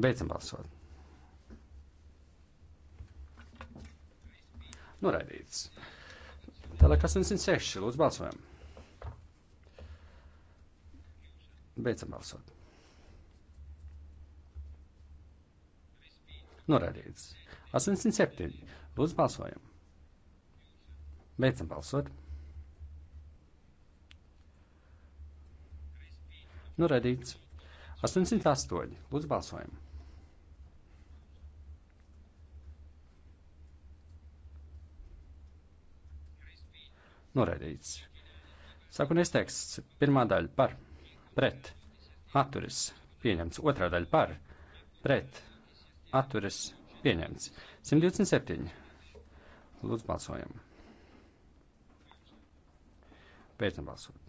Beidzam balsot. Noraidīts. Tālāk 806. Lūdzu, balsojam. Beidzam balsot. Noraidīts. 807. Lūdzu, balsojam. Beidzam balsot. Noraidīts. 808. Lūdzu, balsojam! Noraidīts. Sākotnējais teksts. Pirmā daļa par, pret, atturis, pieņemts. Otrā daļa par, pret, atturis, pieņemts. 127. Lūdzu, balsojam. Beidzam balsot.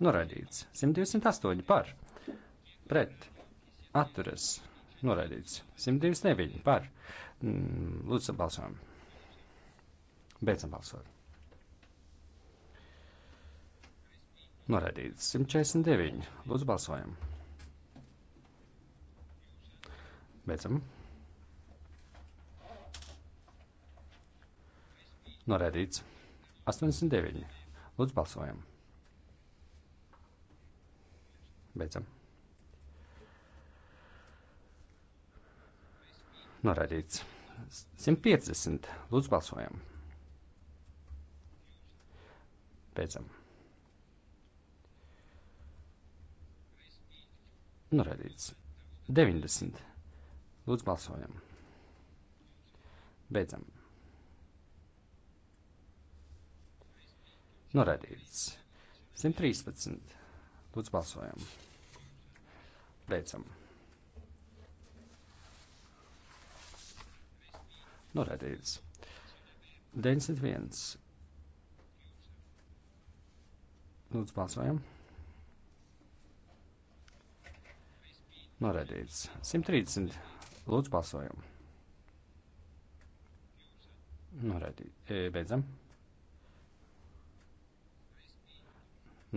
noraidīts. 128 par, pret, atturas, noraidīts. 129 par. Mm, lūdzu, balsojam. Beidzam balsot. Noraidīts. 149. Lūdzu, balsojam. Beidzam. Noraidīts. 89. Lūdzu, balsojam. Beidzam. Noraidīts. 150. Lūdzu, balsojam. Beidzam. Noraidīts. 90. Lūdzu, balsojam. Beidzam. Noraidīts. 113. Lūdzu, balsojam. Beidzam. Norēdīts. 91. Lūdzu, balsojam. Norēdīts. 130. Lūdzu, balsojam. Norēdīts. E, beidzam.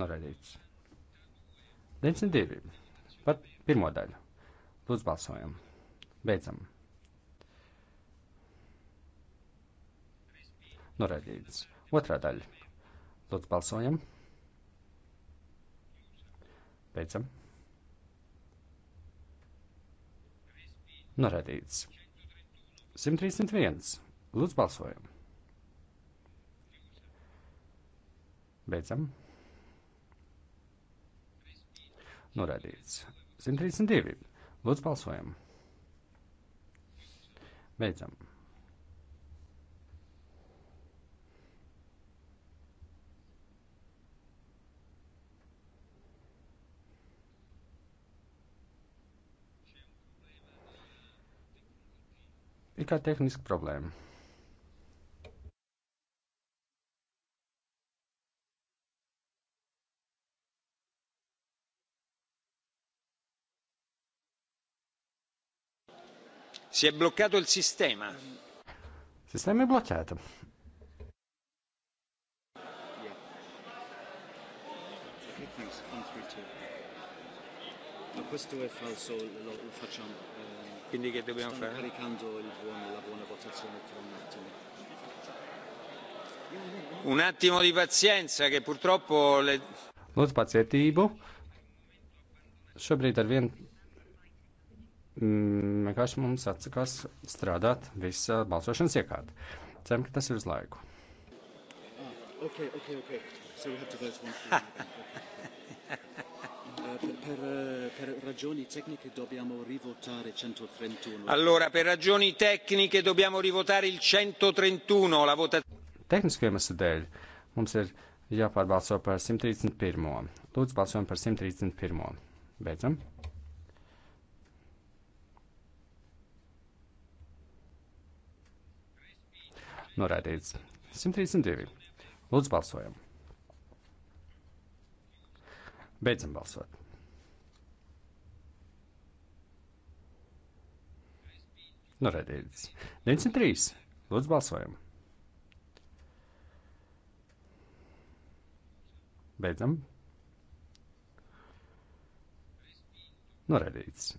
Norēdīts. 92. Par pirmo daļu. Lūdzu, balsojam. Beidzam. Noraidīts. Otrā daļa. Lūdzu, balsojam. Beidzam. Noraidīts. 131. Lūdzu, balsojam. Beidzam. Noraidīts. 132. Lūdzu, balsojam. Beidzam. Ir kā tehniska problēma. Si è bloccato il sistema. Sistema è bloccato. Ma questo è falso, lo, lo facciamo. Eh, Quindi che dobbiamo stanno fare? caricando il buon, la buona votazione tra un attimo. Un attimo di pazienza che purtroppo... Le... Lūdzu pacietību. Šobrīd ar vienu Mm, vienkārši mums atsakās strādāt visa balsošanas iekārta. Ceram, ka tas ir uz laiku. Ah, okay, okay, okay. So we have to vote one uh, per, per, uh, per ragioni tecniche dobbiamo rivotare 131. Allora, per ragioni tecniche dobbiamo rivotare il 131. La vota... Tehnisko iemeslu dēļ mums ir jāpārbalso par 131. Lūdzu, balsojam par 131. Beidzam. Noraidīts. 132. Lūdzu, balsojam. Beidzam balsot. Noraidīts. 93. Lūdzu, balsojam. Beidzam. Noraidīts.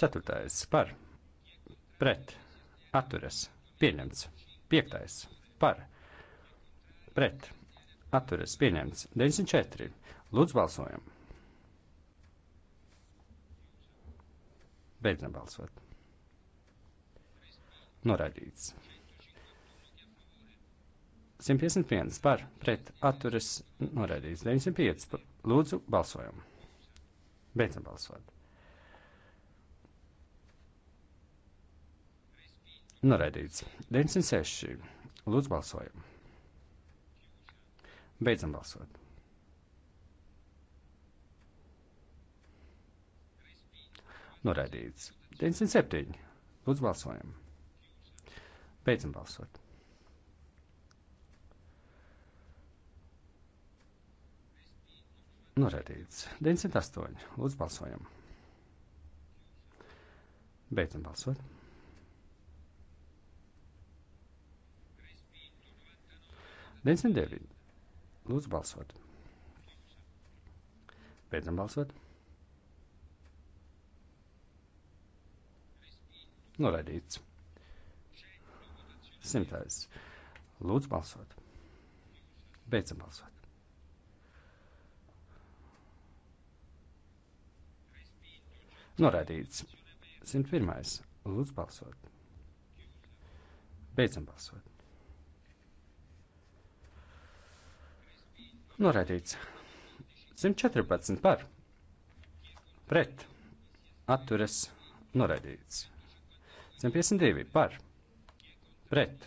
Ceturtais par pret atturas Pieņemts. Piektais. Par. Pret. Atturas. Pieņemts. 94. Lūdzu balsojam. Beidzam balsot. Noraidīts. 151 par pret atturas noraidīts. 905. Lūdzu balsojam. Beidzam balsot. Noraidīts. 906. Lūdzu, balsojam. Beidzam balsot. Noraidīts. 907. Lūdzu, balsojam. Beidzam balsot. Noraidīts. 908. Lūdzu, balsojam. Beidzam balsot. 99. Lūdzu, balsot. Beidzam balsot. Noraidīts. Simtais. Lūdzu, balsot. Beidzam balsot. Noraidīts. 101. Lūdzu, balsot. Beidzam balsot. Noraidīts. 114 par. Pret. Atturas. Noraidīts. 152 par. Pret.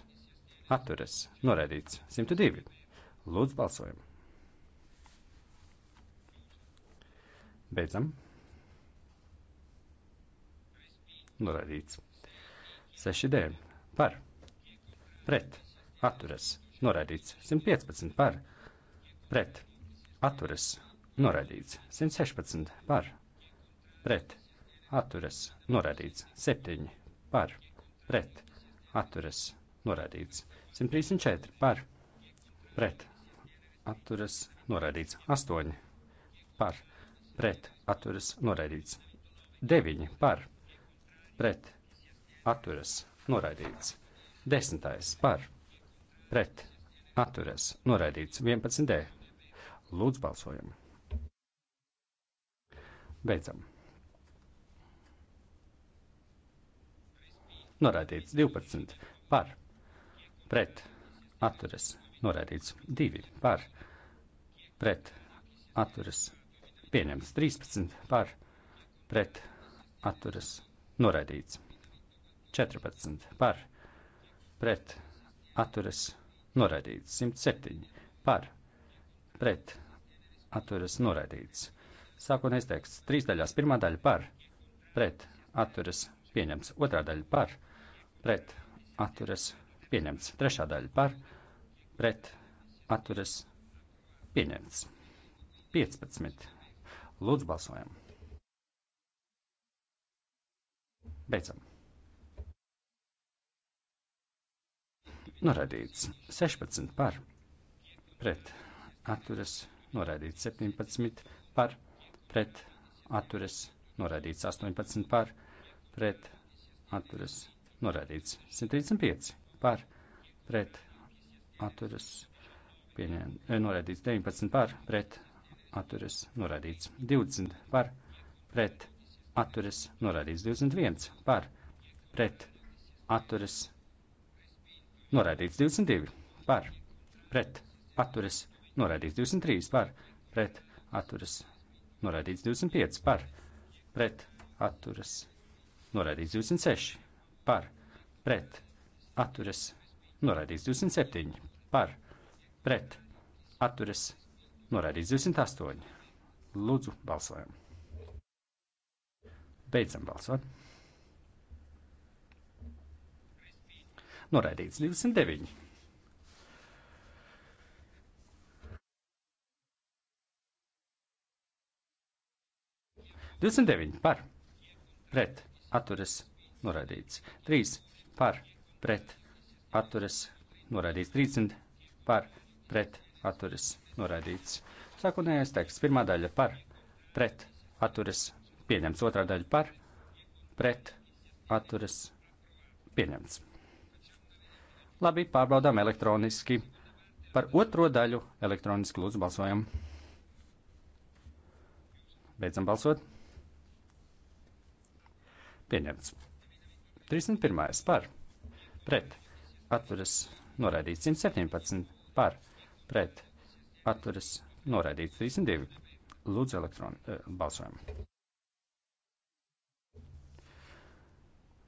Atturas. Noraidīts. 102. Lūdzu balsojam. Beidzam. Noraidīts. 6D. Par. Pret. Atturas. Noraidīts. 115 par pret, atturas, noraidīts. 116 par, pret, atturas, noraidīts. 7 par, pret, atturas, noraidīts. 134 par, pret, atturas, noraidīts. 8 par, pret, atturas, noraidīts. 9 par, pret, atturas, noraidīts. 10 par, pret, atturas, noraidīts. 11 d Lūdzu, balsojam! Beidzam! Norādīts 12 par, pret, atturas, norādīts 2 par, pret, atturas, pieņemts 13 par, pret, atturas, norādīts 14 par, pret, atturas, norādīts 107 par pret atturas noraidīts. Sākotnējais teksts trīs daļās. Pirmā daļa par, pret atturas pieņemts. Otrā daļa par, pret atturas pieņemts. Trešā daļa par, pret atturas pieņemts. 15. Lūdzu, balsojam! Beidzam! Noradīts 16 par pret atturas noraidīts 17 par pret atturas noraidīts 18 par pret atturas noraidīts 135 par pret atturas pieņēm, eh, noraidīts 19 par pret atturas noraidīts 20 par pret atturas noraidīts 21 par pret atturas noraidīts 22 par pret atturas noraidīts noraidīts 23 par, pret atturas noraidīts 25 par, pret atturas noraidīts 26 par, pret atturas noraidīts 27 par, pret atturas noraidīts 28. Lūdzu, balsojam. Beidzam balsot. Noraidīts 29 29 par, pret, atturas, noraidīts. 3 par, pret, atturas, noraidīts. 30 par, pret, atturas, noraidīts. Sākotnējais teksts. Pirmā daļa par, pret, atturas, pieņemts. Otrā daļa par, pret, atturas, pieņemts. Labi, pārbaudām elektroniski. Par otro daļu elektroniski lūdzu balsojam. Beidzam balsot. Pieņemts. 31. par. Pret. Atturas noraidīts. 117. par. Pret. Atturas noraidīts. 32. Lūdzu elektronu e, eh, balsojumu.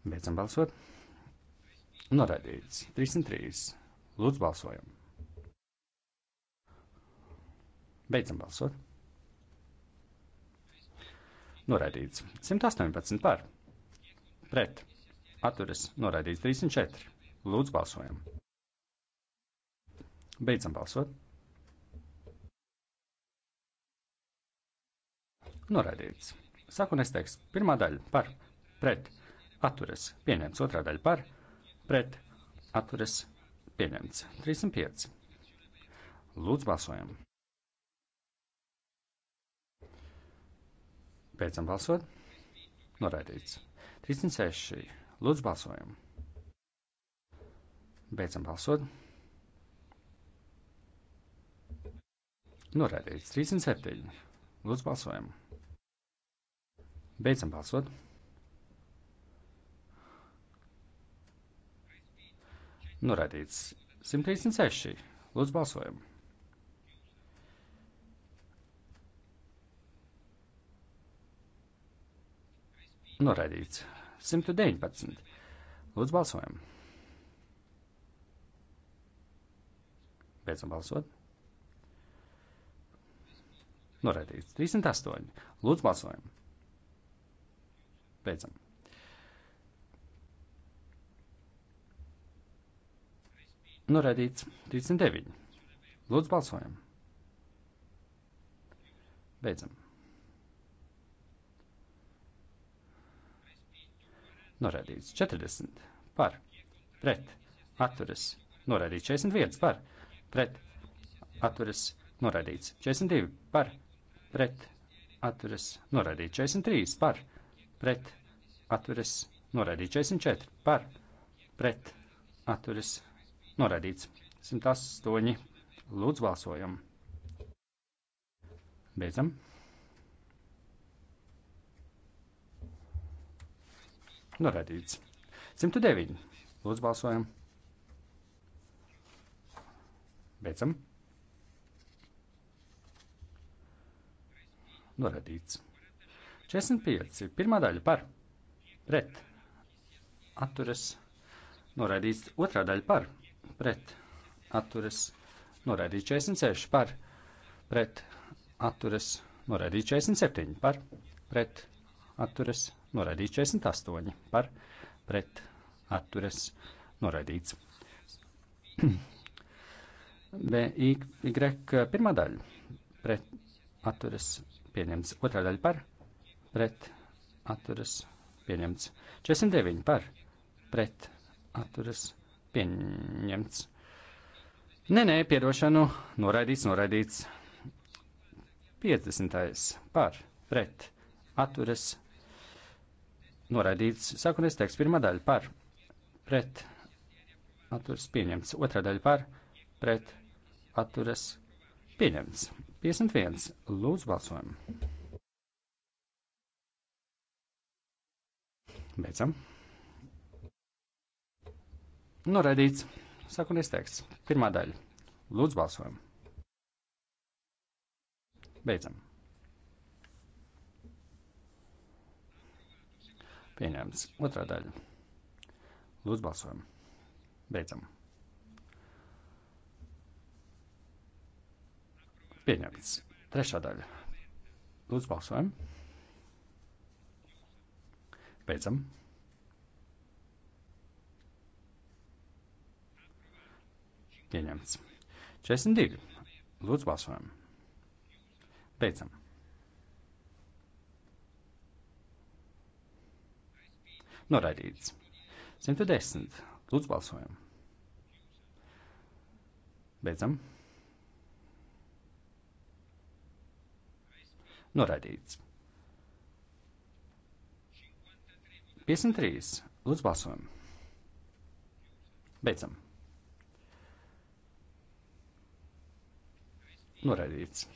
Beidzam balsot. Noraidīts. 303. Lūdzu balsojumu. Beidzam balsot. Noraidīts. 118 par pret, atturas, noraidīts 304. Lūdzu, balsojam. Beidzam balsot. Noraidīts. Sākotnēs teiks pirmā daļa par, pret, atturas, pieņemts otrā daļa par, pret, atturas, pieņemts 305. Lūdzu, balsojam. Beidzam balsot. Noraidīts. 36. Lūdzu, balsojam. Beidzam balsot. Norādīts 37. Lūdzu, balsojam. Beidzam balsot. Norādīts 136. Lūdzu, balsojam. Norādīts 119. Lūdzu, balsojam! Beidzam balsot. Noraidīts. 38. Lūdzu, balsojam! Beidzam! Noraidīts 39. Lūdzu, balsojam! Beidzam! Norādīts 40 par, pret, atturas, norādīts 41 par, pret, atturas, norādīts 42 par, pret, atturas, norādīts 43 par, pret, atturas, norādīts 44 par, pret, atturas, norādīts 108. Lūdzu, balsojam! Beidzam! Noraidīts. 109. Lūdzu, balsojam. Beidzam. Noraidīts. 45. Pirmā daļa par. Pret. Atturas. Noraidīts. Otrā daļa par. Pret. Atturas. Noraidīts 46 par. Pret. Atturas. Noraidīts 47 par. Pret. Atturas noraidīts 48 par pret atturas noraidīts. BY pirmā daļa pret atturas pieņemts, otrā daļa par pret atturas pieņemts, 49 par pret atturas pieņemts. Nē, nē, piedošanu, noraidīts, noraidīts. 50. par pret atturas pieņemts. Noraidīts sākotnējais teksts pirmā daļa par pret atturas pieņemts. Otrā daļa par pret atturas pieņemts. 51. Lūdzu balsojam. Beidzam. Noraidīts sākotnējais teksts pirmā daļa. Lūdzu balsojam. Beidzam. Pieņemts. Otrā daļa. Lūdzu, balsojam. Beidzam. Pieņemts. Trešā daļa. Lūdzu, balsojam. Beidzam. Pieņemts. 42. Lūdzu, balsojam. Beidzam. Noraidīts. 110. Lūdzu, balsojam. Beidzam. Noraidīts. 53. Lūdzu, balsojam. Beidzam. Noraidīts.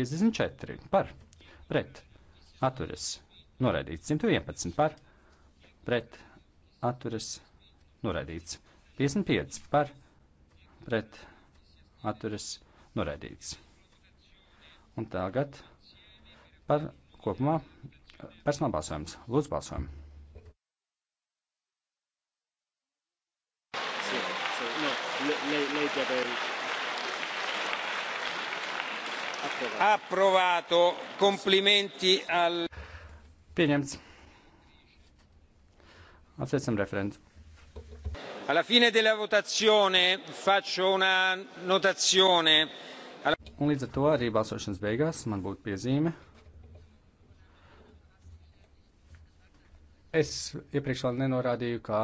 54 par, pret, atturas. Noraidīts. 111 par, pret pret atturas noraidīts. 55 par pret atturas noraidīts. Un tagad par kopumā personāla balsojums. Lūdzu, balsojam! Approvato. Complimenti al. Pieņemts. Apsveicam referentu. Alla fine della votazione faccio una notazione. Alla... Un līdz ar to arī balsošanas beigās man būtu piezīme. Es iepriekš vēl nenorādīju, ka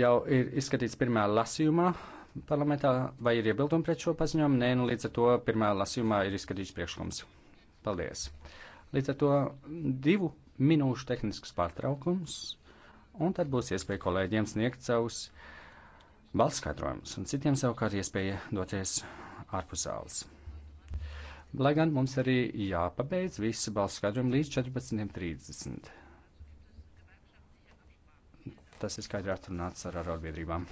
jau ir izskatīts pirmā lasījumā parlamentā, vai ir iebildumi pret šo paziņojumu. Nē, nu līdz ar to pirmā lasījumā ir izskatīts priekšlikums. Paldies! Līdz ar to divu minūšu tehnisks pārtraukums un tad būs iespēja kolēģiem sniegt savus balss skaidrojumus, un citiem savukārt iespēja doties ārpus zāles. Lai gan mums arī jāpabeidz visi balss skaidrojumi līdz 14.30. Tas ir skaidri atrunāts ar arotbiedrībām.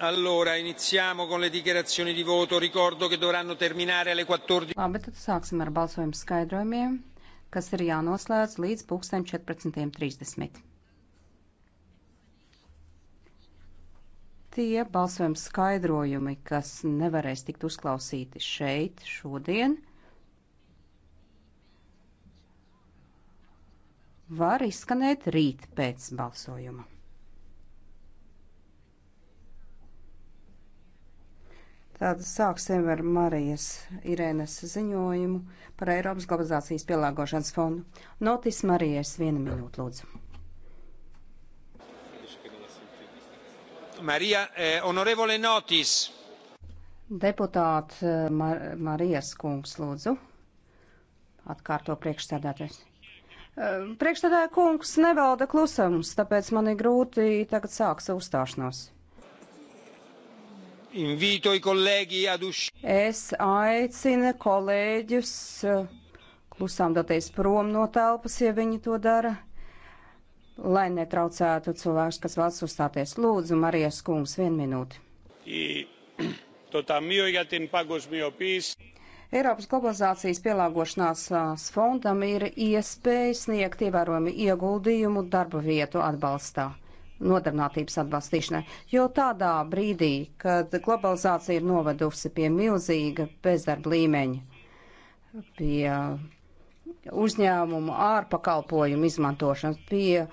Allora, iniziamo con le dichiarazioni di voto. Ricordo che dovranno terminare alle 14. Labi, tad sāksim ar balsojumu skaidrojumiem, kas ir jānoslēdz līdz pulkstēm 14.30. Tie balsojuma skaidrojumi, kas nevarēs tikt uzklausīti šeit šodien, var izskanēt rīt pēc balsojuma. Tad sāksim ar Marijas Irēnas ziņojumu par Eiropas globalizācijas pielāgošanas fondu. Notis Marijas, viena minūte, lūdzu. Marija, eh, honorevole Notis. Deputāts eh, Mar Marijas kungs, lūdzu. Atkārto priekšstādātais. Eh, Priekšstādāja kungs nevalda klusums, tāpēc man ir grūti tagad sākt uzstāšanos. Es aicinu kolēģus klusām doties prom no telpas, ja viņi to dara, lai netraucētu cilvēks, kas vēlas uzstāties. Lūdzu, Marijas kungs, vienu minūti. Eiropas globalizācijas pielāgošanās fondam ir iespēja sniegt ievērojami ieguldījumu darba vietu atbalstā nodarbinātības atbalstīšanai. Jo tādā brīdī, kad globalizācija ir novedusi pie milzīga bezdarba līmeņa, pie uzņēmumu ārpakalpojumu izmantošanas, pie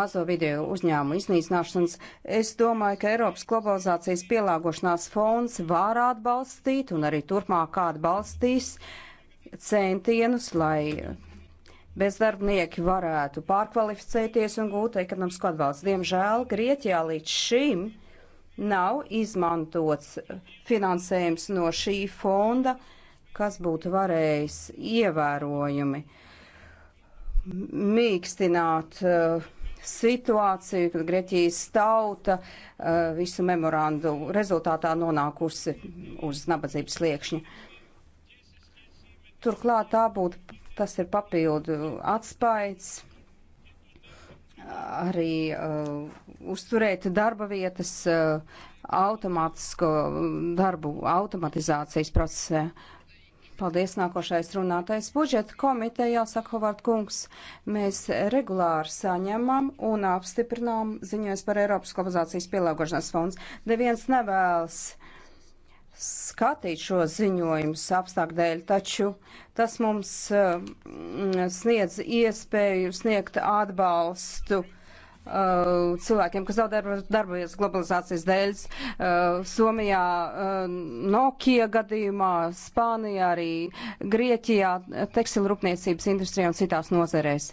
mazo video uzņēmumu iznīcināšanas, es domāju, ka Eiropas globalizācijas pielāgošanās fonds var atbalstīt un arī turpmāk atbalstīs centienus, lai bezdarbnieki varētu pārkvalificēties un gūt ekonomisku atbalstu. Diemžēl Grieķijā līdz šim nav izmantots finansējums no šī fonda, kas būtu varējis ievērojumi mīkstināt uh, situāciju, kad Grieķijas tauta uh, visu memorandu rezultātā nonākusi uz nabadzības sliekšņa. Turklāt tā būtu Tas ir papildu atspaids arī uh, uzturēt darba vietas uh, automātisko darbu automatizācijas procesē. Paldies, nākošais runātais budžeta komiteja, saka Hovard kungs. Mēs regulāri saņemam un apstiprinām ziņojas par Eiropas globalizācijas pielāgošanās fonds. Neviens nevēlas skatīt šo ziņojumu apstākļu dēļ, taču tas mums uh, sniedz iespēju sniegt atbalstu uh, cilvēkiem, kas zaudē darbojas globalizācijas dēļ. Uh, Somijā, uh, Nokia gadījumā, Spānijā, arī Grieķijā, tekstilrūpniecības industrijā un citās nozerēs.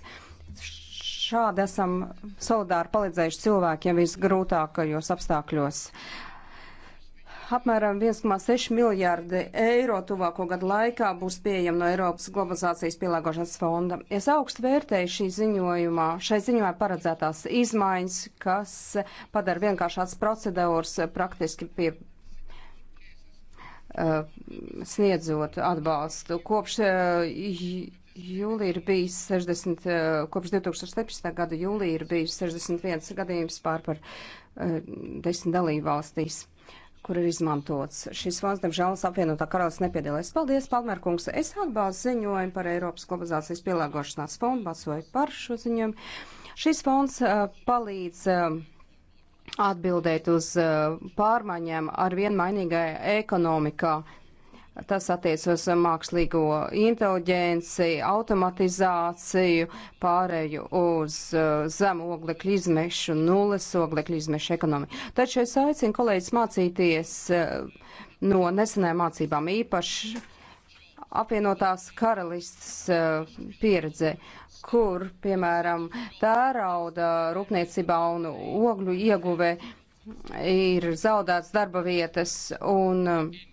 Šādi esam solidāri palīdzējuši cilvēkiem visgrūtākajos apstākļos. Uh, apmēram 1,6 miljārdi eiro tuvāko gadu laikā būs pieejama no Eiropas globalizācijas pielāgošanas fonda. Es augstu vērtēju šī ziņojumā, šai ziņojumā paredzētās izmaiņas, kas padara vienkāršāts procedūras praktiski pie uh, sniedzot atbalstu. Kopš uh, jūlija ir bijis 60, uh, kopš 2017. gada jūlija ir bijis 61 gadījums pār par uh, desmit dalību valstīs kur ir izmantots. Šis fonds, diemžēl, apvienotā karalists nepiedalās. Paldies, Palmer kungs. Es atbalstu ziņojumu par Eiropas globalizācijas pielāgošanās fondu, balsoju par šo ziņojumu. Šis fonds uh, palīdz uh, atbildēt uz uh, pārmaiņām ar vienmainīgai ekonomikā Tas attiec uz mākslīgo inteliģenci, automatizāciju, pārēju uz uh, zemu oglekļu izmešu, nulles oglekļu izmešu ekonomiju. Taču es aicinu kolēģis mācīties uh, no nesenajām mācībām īpaši apvienotās karalistas uh, pieredzē, kur, piemēram, tērauda rūpniecībā un ogļu ieguve ir zaudēts darba vietas un uh,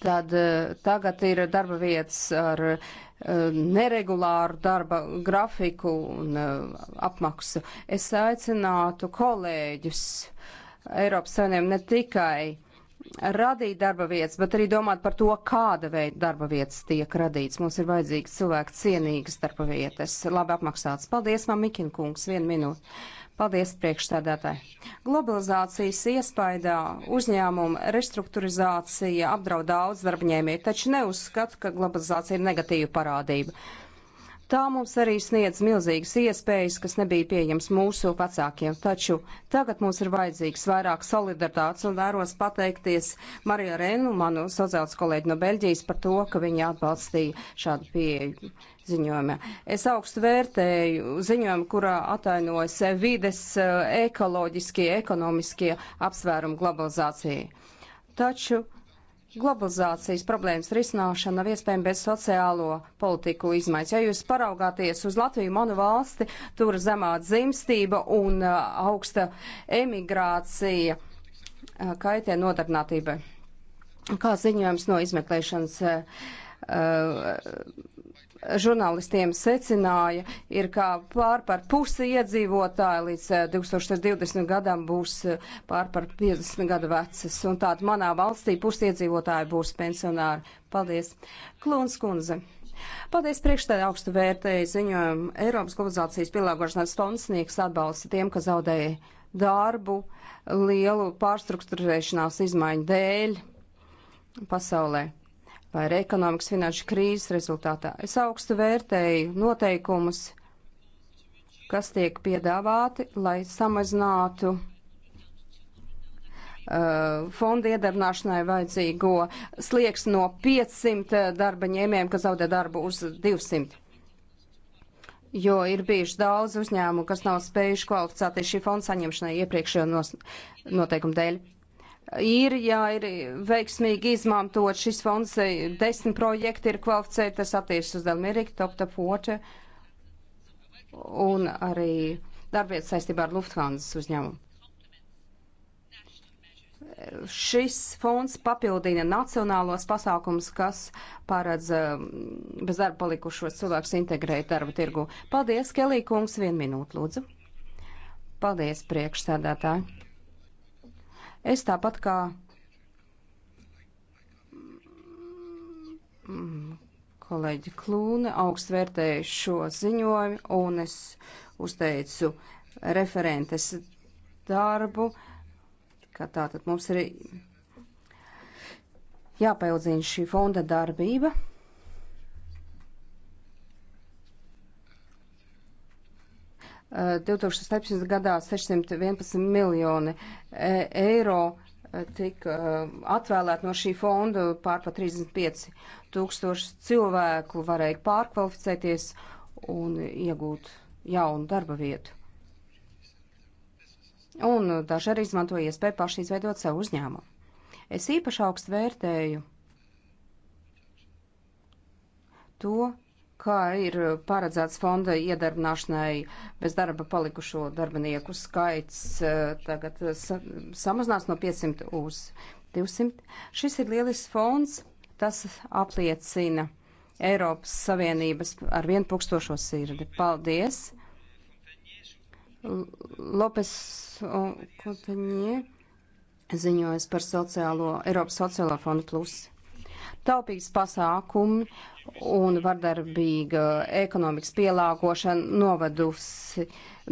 Tad eh, tagad ir darba vietas ar eh, neregulāru darba grafiku un eh, apmaksu. Es aicinātu kolēģus Eiropas Savienībiem ne tikai radīt darba vietas, bet arī domāt par to, kāda veida darba vietas tiek radīts. Mums ir vajadzīgs cilvēku cienīgas darba vietas, labi apmaksāts. Paldies, man Mikina kungs, vienu minūti. Paldies, priekšstādātāji! Globalizācijas iespaidā uzņēmuma restruktūrizācija apdraud daudz darbņēmēju, taču neuzskatu, ka globalizācija ir negatīva parādība. Tā mums arī sniedz milzīgas iespējas, kas nebija pieejams mūsu vecākiem. Taču tagad mums ir vajadzīgs vairāk solidaritātes un vēros pateikties Marija Renu, manu sociāls kolēģi no Beļģijas, par to, ka viņa atbalstīja šādu pieeju ziņojumā. Es augstu vērtēju ziņojumu, kurā atainojas vides eh, ekoloģiskie, ekonomiskie apsvērumi globalizācijai. Taču Globalizācijas problēmas risināšana nav iespējama bez sociālo politiku izmaiņas. Ja jūs paraugāties uz Latviju, manu valsti, tur zemā dzimstība un uh, augsta emigrācija uh, kaitē nodarbinātībai. Kā ziņojums no izmeklēšanas uh, žurnālistiem secināja, ir kā pār par pusi iedzīvotāji līdz 2020 eh, gadam būs eh, pār par 50 gadu vecas. Un tāda manā valstī pusi iedzīvotāji būs pensionāri. Paldies. Klūns kundze. Paldies priekšstādā augstu vērtēju ziņojumu. Eiropas globalizācijas pielāgošanās fonds sniegs atbalstu tiem, kas zaudēja darbu lielu pārstruktūrēšanās izmaiņu dēļ pasaulē vai ar ekonomikas finanšu krīzes rezultātā. Es augstu vērtēju noteikumus, kas tiek piedāvāti, lai samazinātu uh, fonda iedarbināšanai vajadzīgo slieks no 500 darba ņēmējiem, kas zaudē darbu uz 200 jo ir bijuši daudz uzņēmumu, kas nav spējuši kvalificēties šī fonda saņemšanai iepriekšējo noteikumu dēļ īrijā ir veiksmīgi izmantot šis fonds, eh, desmit projekti ir kvalificēti, tas attiecas uz Delmiriku, Top Top Watch un arī darbietas saistībā ar Lufthansa uzņēmumu. Šis fonds papildina nacionālos pasākums, kas paredz eh, bez darba palikušos cilvēkus integrēt darba tirgu. Paldies, Kelī kungs, vienu minūtu lūdzu. Paldies, priekšsēdētāji. Es tāpat kā mm, kolēģi Klūne augstu vērtēju šo ziņojumu un es uzteicu referentes darbu, ka tātad mums ir jāpaildzina šī fonda darbība. 2017. gadā 611 miljoni e, eiro e, tika e, atvēlēt no šī fonda pārpa 35 tūkstoši cilvēku varēja pārkvalificēties un iegūt jaunu darba vietu. Un daži arī izmantoja iespēju paši izveidot savu uzņēmumu. Es īpaši augstu vērtēju to, kā ir paredzēts fonda iedarbināšanai bez darba palikušo darbinieku skaits e, tagad e, sa samazinās no 500 uz 200. Šis ir lielisks fonds, tas apliecina Eiropas Savienības ar vienu pukstošo sirdi. Paldies! Lopes Kotaņie ziņojas par sociālo, Eiropas sociālo fondu plusu. Taupības pasākumi un vardarbīga ekonomikas pielāgošana novedusi,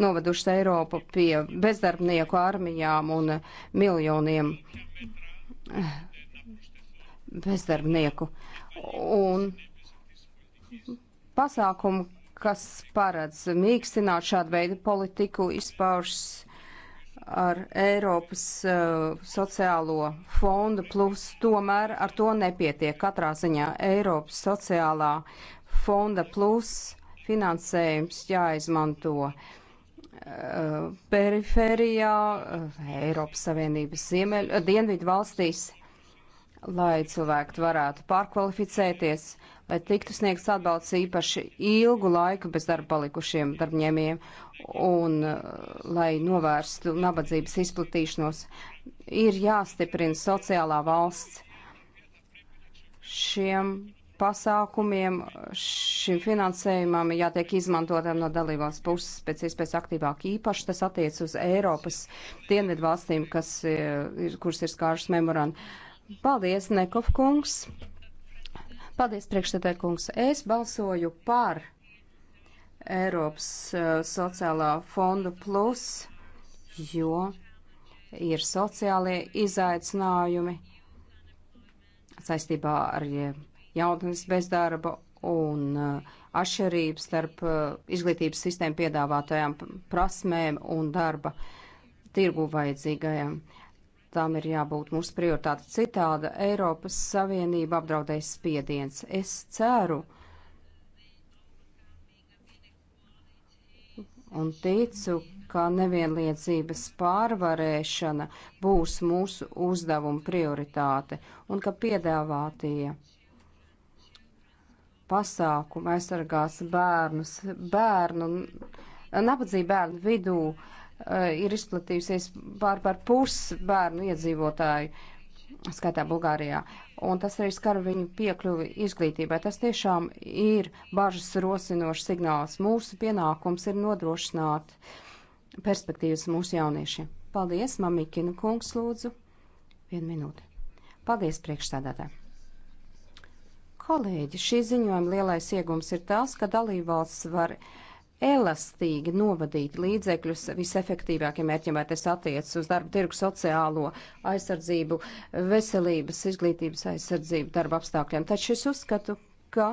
novedušas Eiropu pie bezdarbnieku armijām un miljoniem eh, bezdarbnieku. Un pasākumu, kas paredz mīkstināt šādu veidu politiku, izpaužas ar Eiropas uh, sociālo fondu, plus tomēr ar to nepietiek. Katrā ziņā Eiropas sociālā fonda plus finansējums jāizmanto uh, eh, periferijā, uh, eh, Eiropas Savienības ziemeļu, uh, dienvidu valstīs, lai cilvēki varētu pārkvalificēties. Uh, lai tiktu sniegts atbalsts īpaši ilgu laiku bez darba palikušiem darbņēmiem un uh, lai novērstu nabadzības izplatīšanos, ir jāstiprina sociālā valsts. Šiem pasākumiem, šim finansējumam jātiek izmantotam no dalībās puses pēc iespējas aktīvāk. Īpaši tas attiec uz Eiropas dienvidu valstīm, kas, uh, ir, kuras ir skāršas memoranda. Paldies, Nekov kungs! Paldies, priekšstādē kungs. Es balsoju par Eiropas uh, sociālā fonda plus, jo ir sociālie izaicinājumi saistībā ar eh, jaunatnes bezdarba un uh, eh, atšķirību starp uh, izglītības sistēmu piedāvātajām prasmēm un darba tirgu vajadzīgajām tām ir jābūt mūsu prioritāte. Citāda Eiropas Savienība apdraudēs spiediens. Es ceru un ticu, ka nevienliecības pārvarēšana būs mūsu uzdevuma prioritāte un ka piedāvātie pasākumi aizsargās bērnus, bērnu, nabadzību bērnu vidū uh, Eh, ir izplatījusies pār par pus bērnu iedzīvotāju skaitā Bulgārijā. Un tas arī skar viņu piekļuvi izglītībai. Tas tiešām ir bažas rosinošs signāls. Mūsu pienākums ir nodrošināt perspektīvas mūsu jauniešiem. Paldies, Mamikina kungs, lūdzu. Vienu minūti. Paldies, priekšstādātāji. Kolēģi, šī ziņojuma lielais iegums ir tas, ka dalībvalsts var elastīgi novadīt līdzekļus visefektīvākiem mērķiem, vai tas attiecas uz darba tirgu, sociālo aizsardzību, veselības, izglītības aizsardzību, darba apstākļiem. Taču es uzskatu, ka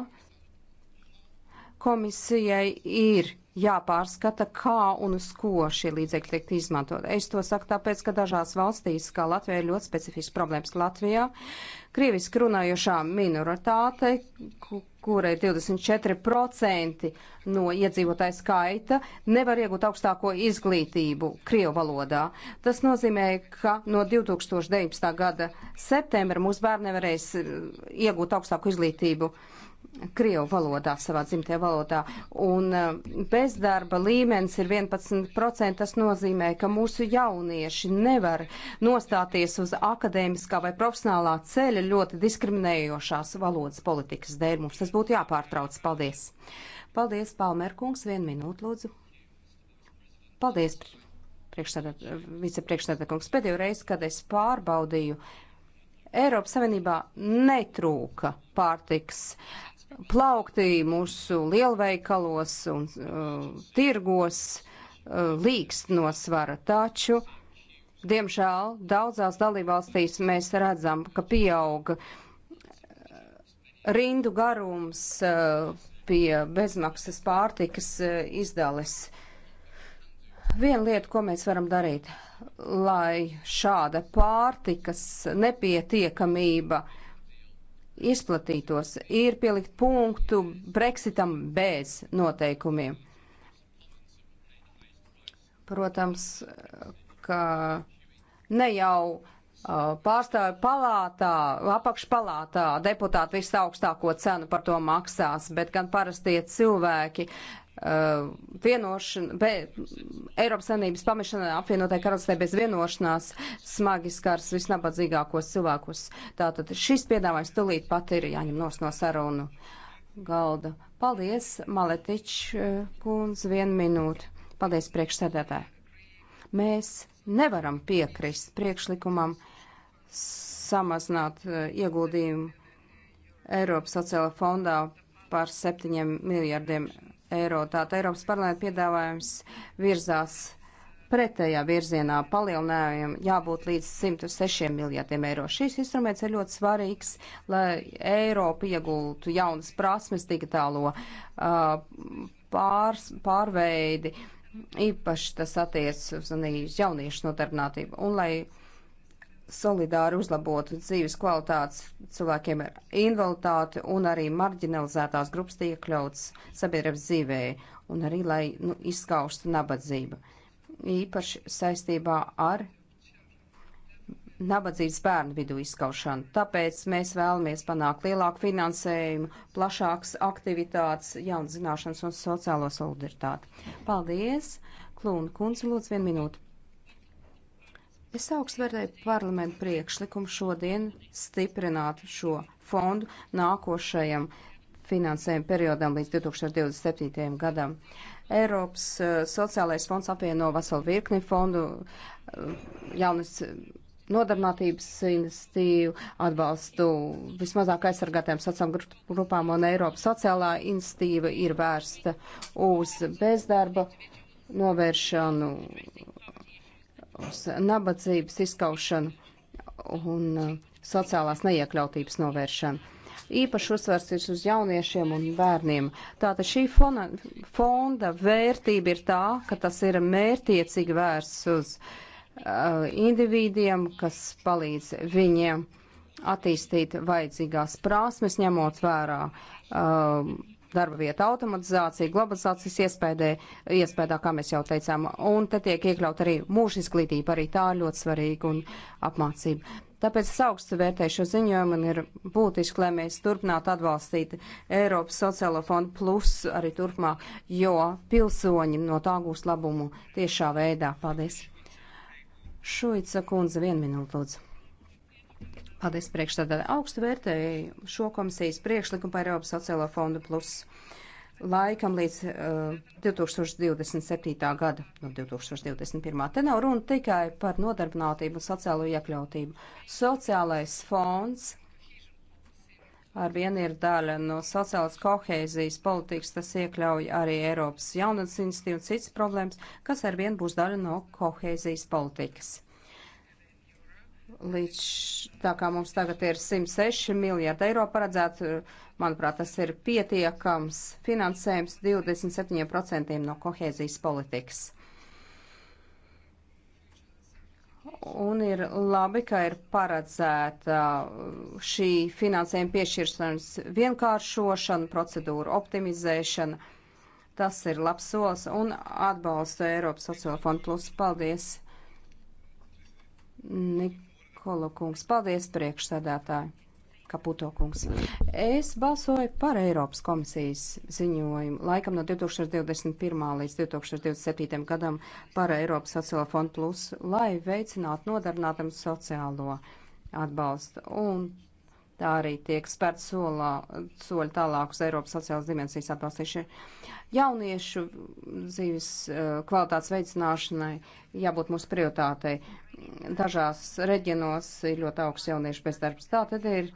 Komisijai ir jāpārskata, kā un uz ko šie līdzekļi tiek izmantot. Es to saku tāpēc, ka dažās valstīs, kā Latvijā, ir ļoti specifisks problēmas Latvijā. Krieviski runājošā minoritāte, kura ir 24% no iedzīvotāja skaita, nevar iegūt augstāko izglītību Krievu valodā. Tas nozīmē, ka no 2019. gada septembra mūsu bērni nevarēs uh, iegūt augstāku izglītību. Uh, Krievu valodā, savā dzimtajā valodā, un eh, bezdarba līmenis ir 11%. Tas nozīmē, ka mūsu jaunieši nevar nostāties uz akadēmiskā vai profesionālā ceļa ļoti diskriminējošās valodas politikas dēļ. Mums tas būtu jāpārtrauc. Paldies! Paldies, Palmerkungs, vienu minūtu lūdzu. Paldies, vicepriekšsēdētājs. Pēdējo reizi, kad es pārbaudīju, Eiropas Savienībā netrūka pārtiks. Uh, plaukti mūsu lielveikalos un uh, tirgos uh, līkst no svara. Taču, diemžēl, daudzās dalībvalstīs mēs redzam, ka pieaug uh, rindu garums uh, pie bezmaksas pārtikas uh, izdales. Viena lieta, ko mēs varam darīt, lai šāda pārtikas nepietiekamība uh, izplatītos, ir pielikt punktu Brexitam bez noteikumiem. Protams, ka ne jau pārstāvju palātā, apakšpalātā deputāti visaugstāko cenu par to maksās, bet gan parastie cilvēki uh, vienošana, be, Eiropas Savienības pamešana apvienotai karalistē bez vienošanās smagi skars visnabadzīgākos cilvēkus. Tātad šis piedāvājums tulīt pat ir jāņem nos no sarunu galda. Paldies, Maletič uh, kundz, vienu minūti. Paldies, priekšsēdētāji. Mēs nevaram piekrist priekšlikumam samazināt uh, ieguldījumu Eiropas sociālajā fondā par septiņiem miljardiem eiro. Tātad Eiropas parlamenta piedāvājums virzās pretējā virzienā palielinājumam jābūt līdz 106 miljardiem eiro. Šis instruments ir ļoti svarīgs, lai Eiropa iegultu jaunas prasmes digitālo uh, pārs, pārveidi, īpaši tas attiec uz jauniešu nodarbinātību, un lai solidāri uzlabotu dzīves kvalitātes cilvēkiem ar invaliditāti un arī marginalizētās grupas iekļauts sabiedrības dzīvē un arī, lai nu, izskaustu nabadzību. Īpaši saistībā ar nabadzības bērnu vidu izskaušanu. Tāpēc mēs vēlamies panākt lielāku finansējumu, plašākas aktivitātes, jaunas zināšanas un sociālo solidaritāti. Paldies! Klūna kundze, lūdzu, vienu minūtu. Es augstu vērtēju parlamentu priekšlikumu šodien stiprināt šo fondu nākošajam finansējuma periodam līdz 2027. gadam. Eiropas uh, sociālais fonds apvieno veselu virkni fondu, uh, jaunas uh, nodarbinātības institīvu, atbalstu vismazāk aizsargātām sociālām grupām un Eiropas sociālā institīva ir vērsta uz bezdarba novēršanu, uz nabadzības izskaušanu un uh, sociālās neiekļautības novēršanu. Īpaši uzsvars ir uz jauniešiem un bērniem. Tātad šī fona, fonda vērtība ir tā, ka tas ir mērtiecīgi vērsts uz uh, individiem, kas palīdz viņiem attīstīt vajadzīgās prasmes, ņemot vērā uh, darba vieta automatizācija, globalizācijas iespēdē, iespējā, kā mēs jau teicām, un te tiek iekļaut arī mūža izglītība, arī tā ļoti svarīga un apmācība. Tāpēc es augstu vērtēju šo ziņojumu un ir būtiski, lai mēs turpinātu atbalstīt Eiropas sociālo fondu plus arī turpmāk, jo pilsoņi no tā gūst labumu tiešā veidā. Paldies! Šuica kundze, vienu minūtu lūdzu. Paldies priekšstādātā. Augstu vērtēju šo komisijas priekšlikumu par Eiropas sociālo fondu plus laikam līdz uh, 2027. gada, no nu, 2021. Te nav runa tikai par nodarbinātību un sociālo iekļautību. Sociālais fonds ar vienu ir daļa no sociālas kohēzijas politikas, tas iekļauj arī Eiropas jaunatnes institīvu un citas problēmas, kas ar vienu būs daļa no kohēzijas politikas līdz tā kā mums tagad ir 106 miljārdi eiro paredzēt, manuprāt, tas ir pietiekams finansējums 27% no kohēzijas politikas. Un ir labi, ka ir paredzēta šī finansējuma piešķiršanas vienkāršošana, procedūra optimizēšana. Tas ir labs solis un atbalsta Eiropas sociālo fondu plus. Paldies! Nik Kolo kungs. Paldies, priekšsēdētāji. Kaputo kungs. Es balsoju par Eiropas komisijas ziņojumu, laikam no 2021. līdz 2027. gadam par Eiropas sociālo fondu plus, lai veicinātu nodarbinātam sociālo atbalstu. Un Tā arī tiek spērt solā, soļi tālāk uz Eiropas sociālas dimensijas atbalstīšanu. Jauniešu dzīves eh, kvalitātes veicināšanai jābūt mūsu prioritātei. Dažās reģionos ir ļoti augsts jauniešu bezdarbs. Tā tad ir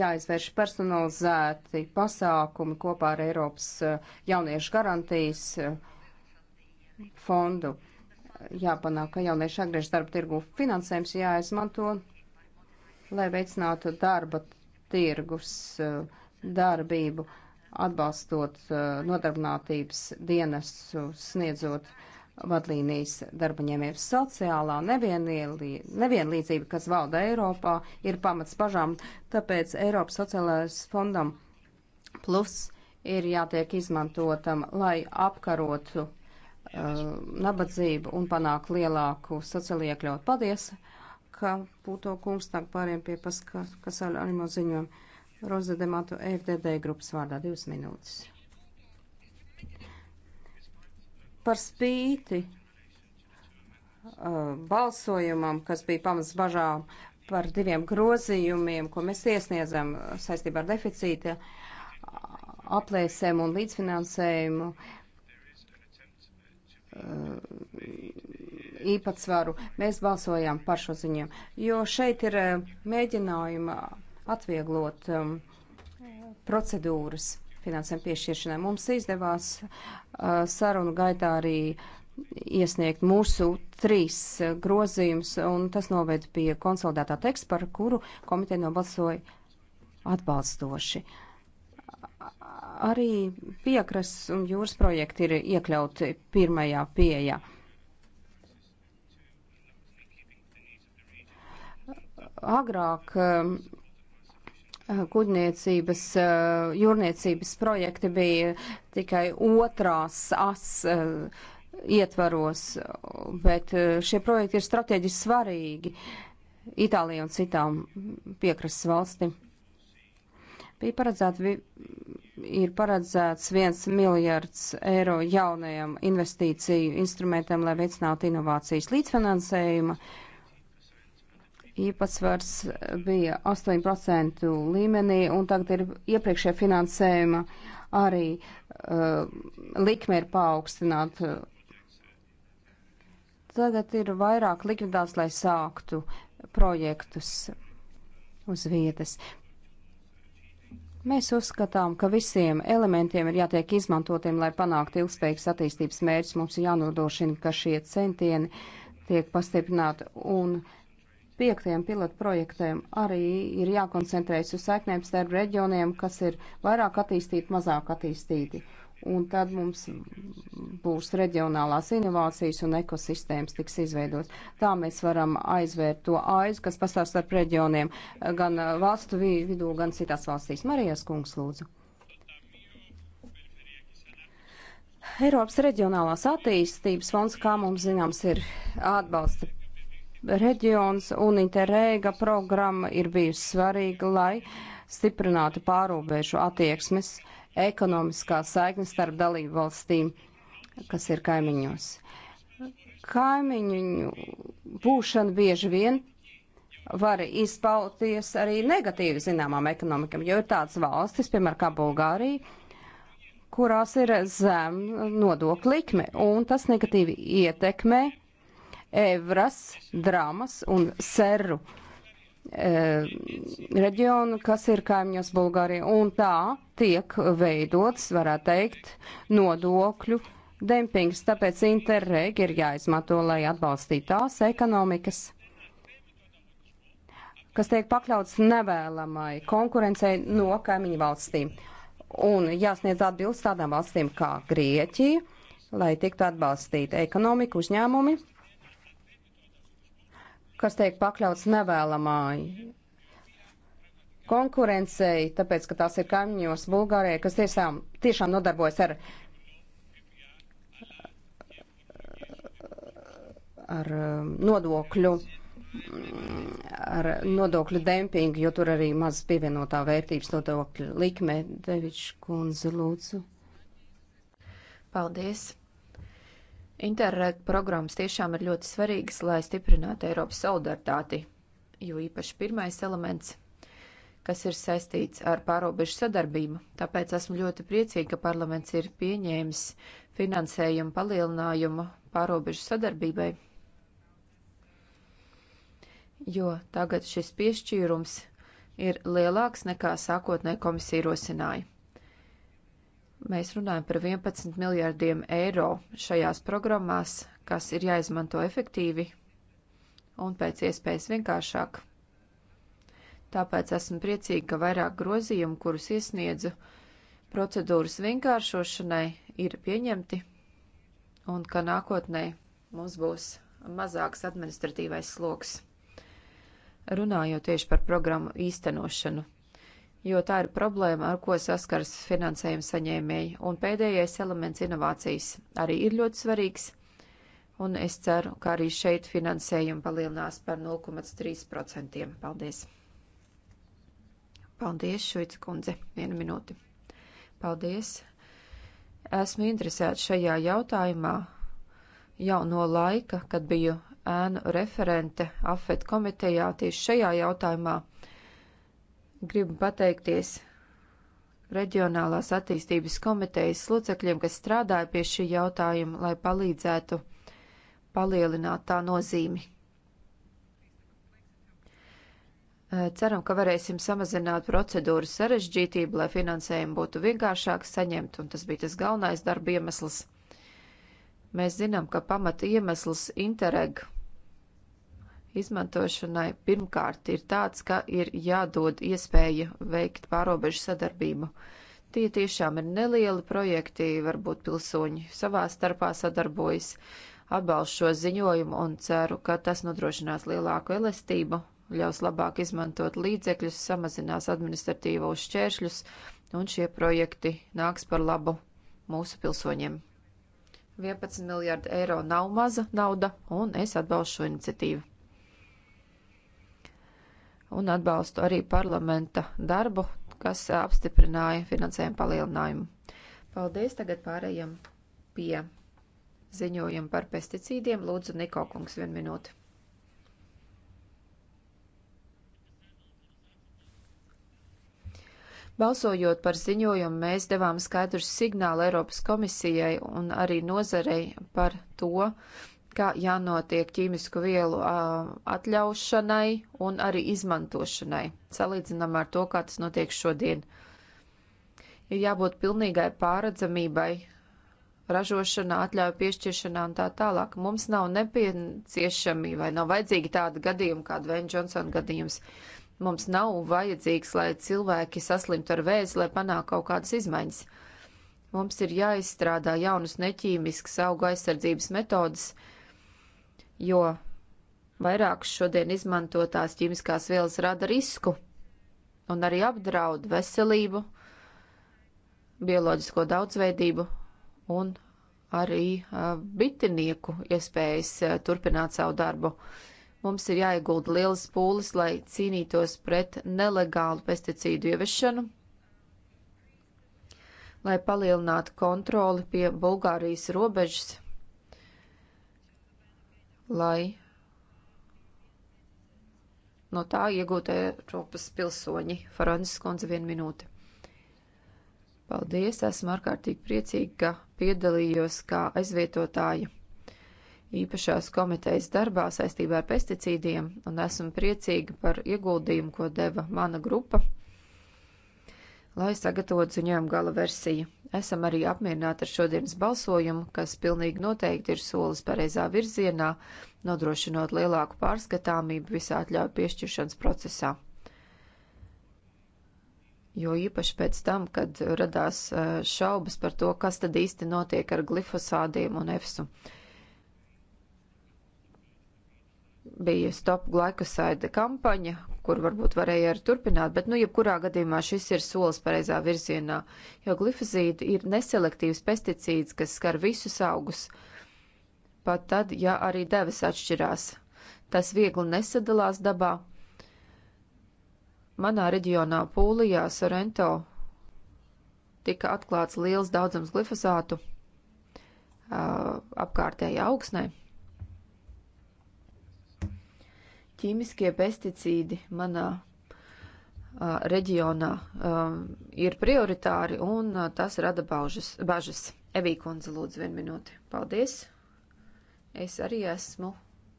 jāizvērš personalizēti pasākumi kopā ar Eiropas eh, jauniešu garantijas eh, fondu jāpanāk, ka jaunieši atgriež darba tirgu finansējums jāizmanto, lai veicinātu darba tirgus eh, darbību, atbalstot eh, nodarbinātības dienas, sniedzot vadlīnijas darbaņēmiem. Sociālā nevienlīdzība, kas valda Eiropā, ir pamats pažām, tāpēc Eiropas sociālais fondam plus ir jātiek izmantotam, lai apkarotu uh, nabadzību un panāktu lielāku sociālo iekļautu. Paldies! ka būtu kungs tā pāriem pie paska, kas ar animo ziņojumu. Roza Demato, FDD grupas vārdā, divas minūtes. Par spīti uh, balsojumam, kas bija pamats bažām par diviem grozījumiem, ko mēs iesniedzam saistībā ar deficīta uh, aplēsēm un līdzfinansējumu, uh, īpatsvaru. Mēs balsojām par šo ziņu, jo šeit ir eh, mēģinājuma atvieglot um, procedūras finansēm piešķiršanai. Mums izdevās uh, sarunu gaitā arī iesniegt mūsu trīs eh, grozījumus, un tas noved pie konsolidētā teksta, par kuru komiteja nobalsoja atbalstoši. Arī piekrasts un jūras projekti ir iekļauti pirmajā pieejā. agrāk um, uh, kuģniecības, uh, jūrniecības projekti bija tikai otrās as uh, ietvaros, bet šie projekti ir strateģiski svarīgi Itālijai un citām piekrastes valstīm. Bija paredzēta, ir paredzēts viens miljards eiro jaunajam investīciju instrumentam, lai veicinātu inovācijas līdzfinansējumu. Uh, īpatsvars bija 8% līmenī, un tagad ir iepriekšējā finansējuma arī uh, likme ir paaugstināta. Tagad ir vairāk likvidās, lai sāktu projektus uz vietas. Mēs uzskatām, ka visiem elementiem ir jātiek izmantotiem, lai panāktu ilgspējīgas attīstības mērķus. Mums ir jānodrošina, ka šie centieni tiek pastiprināti un uh, piektajam pilotu projektiem arī ir jākoncentrējas uz saiknēm starp reģioniem, kas ir vairāk attīstīti, mazāk attīstīti. Un tad mums būs reģionālās inovācijas un ekosistēmas tiks izveidotas. Tā mēs varam aizvērt to aizu, kas pastāv starp reģioniem, gan valstu vidū, gan citās valstīs. Marijas kungs, lūdzu. Eiropas reģionālās attīstības fonds, kā mums zināms, ir atbalsta reģions un interrēga programma ir bijusi svarīga, lai stiprinātu pārobežu attieksmes ekonomiskās saiknes starp dalību valstīm, kas ir kaimiņos. Kaimiņu būšana bieži vien var izpauties arī negatīvi zināmām ekonomikam, jo ir tādas valstis, piemēram, kā Bulgārija, kurās ir zem nodokļu likme, un tas negatīvi ietekmē Evras, Dramas un Serru e, reģionu, kas ir kaimiņos Bulgārija, un tā tiek veidots, varētu teikt, nodokļu dempings. Tāpēc Interreg ir jāizmanto, lai atbalstītu tās ekonomikas, kas tiek pakļauts nevēlamai konkurencei no kaimiņu valstīm. Un jāsniedz atbildes tādām valstīm kā Grieķija, lai tiktu atbalstīta ekonomika, uzņēmumi kas tiek pakļauts nevēlamāji konkurencei, tāpēc, ka tās ir kaimiņos Bulgārijai, kas tiešām, tiešām nodarbojas ar, ar um, nodokļu, ar nodokļu dempingu, jo tur arī maz pievienotā vērtības nodokļu likme. Devičs kundze, lūdzu. Paldies. Interreg programmas tiešām ir ļoti svarīgas, lai stiprinātu Eiropas solidaritāti, jo īpaši pirmais elements, kas ir saistīts ar pārobežu sadarbību. Tāpēc esmu ļoti priecīga, ka parlaments ir pieņēmis finansējumu palielinājumu pārobežu sadarbībai, jo tagad šis piešķīrums ir lielāks nekā sākotnē komisija rosināja. Mēs runājam par 11 miljārdiem eiro šajās programmās, kas ir jāizmanto efektīvi un pēc iespējas vienkāršāk. Tāpēc esmu priecīga, ka vairāk grozījumu, kurus iesniedzu procedūras vienkāršošanai, ir pieņemti un ka nākotnē mums būs mazāks administratīvais sloks. Runājot tieši par programmu īstenošanu, jo tā ir problēma, ar ko saskars finansējuma saņēmēji. Un pēdējais elements - inovācijas - arī ir ļoti svarīgs. Un es ceru, ka arī šeit finansējumu palielinās par 0,3%. Paldies! Paldies, Šuica kundze! Vienu minūti! Paldies! Esmu interesēta šajā jautājumā jau no laika, kad biju ēnu referente AFET komitejā tieši šajā jautājumā. Uh, Gribu pateikties Reģionālās attīstības komitejas locekļiem, kas strādāja pie šī jautājuma, lai palīdzētu palielināt tā nozīmi. Eh, ceram, ka varēsim samazināt procedūras sarežģītību, lai finansējumu būtu vienkāršāk saņemt, un tas bija tas galvenais darba iemesls. Mēs zinām, ka pamata iemesls Intereg izmantošanai pirmkārt ir tāds, ka ir jādod iespēja veikt pārobežu sadarbību. Tie tiešām ir nelieli projekti, varbūt pilsoņi savā starpā sadarbojas. Atbalstu šo ziņojumu un ceru, ka tas nodrošinās lielāku elastību, ļaus labāk izmantot līdzekļus, samazinās administratīvos šķēršļus, un šie projekti nāks par labu mūsu pilsoņiem. 11 miljārdi eiro nav maza nauda, un es atbalstu šo iniciatīvu un atbalstu arī parlamenta darbu, kas apstiprināja finansējumu palielinājumu. Paldies, tagad pārējiem pie ziņojuma par pesticīdiem. Lūdzu, Niko kungs, vienu minūti. Balsojot par ziņojumu, mēs devām skaidru signālu Eiropas komisijai un arī nozarei par to, kā jānotiek ķīmisku vielu uh, atļaušanai un arī izmantošanai, salīdzinām ar to, kā tas notiek šodien. Ir jābūt pilnīgai pāredzamībai, ražošanā, atļauju piešķiršanā un tā tālāk. Mums nav nepieciešami vai nav vajadzīgi tādi gadījumi kā Dwayne Johnson gadījums. Mums nav vajadzīgs, lai cilvēki saslimtu ar vēzi, lai panāktu kaut kādas izmaiņas. Mums ir jāizstrādā jaunas neķīmiskas auga aizsardzības metodas, uh, jo vairākas šodien izmantotās ķīmiskās vielas rada risku un arī apdraud veselību, bioloģisko daudzveidību un arī bitinieku iespējas turpināt savu darbu. Mums ir jāiegulda lielas pūles, lai cīnītos pret nelegālu pesticīdu ieviešanu, lai palielinātu kontroli pie Bulgārijas robežas lai no tā iegūtu Eiropas pilsoņi. Faranis skundze vienu minūti. Paldies, esmu ārkārtīgi priecīga, ka piedalījos kā aizvietotāja īpašās komitejas darbā saistībā ar pesticīdiem, un esmu priecīga par ieguldījumu, ko deva mana grupa lai sagatavotu ziņojumu gala versiju. Esam arī apmierināti ar šodienas balsojumu, kas pilnīgi noteikti ir solis pareizā virzienā, nodrošinot lielāku pārskatāmību visā atļauju piešķiršanas procesā. Jo īpaši pēc tam, kad radās e, šaubas par to, kas tad īsti notiek ar glifosādiem un efsu. Bija stop glikosaida kampaņa, kur varbūt varēja arī turpināt, bet, nu, jebkurā gadījumā šis ir solis pareizā virzienā, jo glifozīti ir neselektīvs pesticīds, kas skar visus augus, pat tad, ja arī devas atšķirās. Tas viegli nesadalās dabā. Manā reģionā Pūlijā, Sorento, tika atklāts liels daudzums glifosātu uh, apkārtējā augsnē. ķīmiskie pesticīdi manā uh, reģionā uh, ir prioritāri, un uh, tas rada baužas, bažas. Evīka kundze, lūdzu, vienu minūti. Paldies! Es arī esmu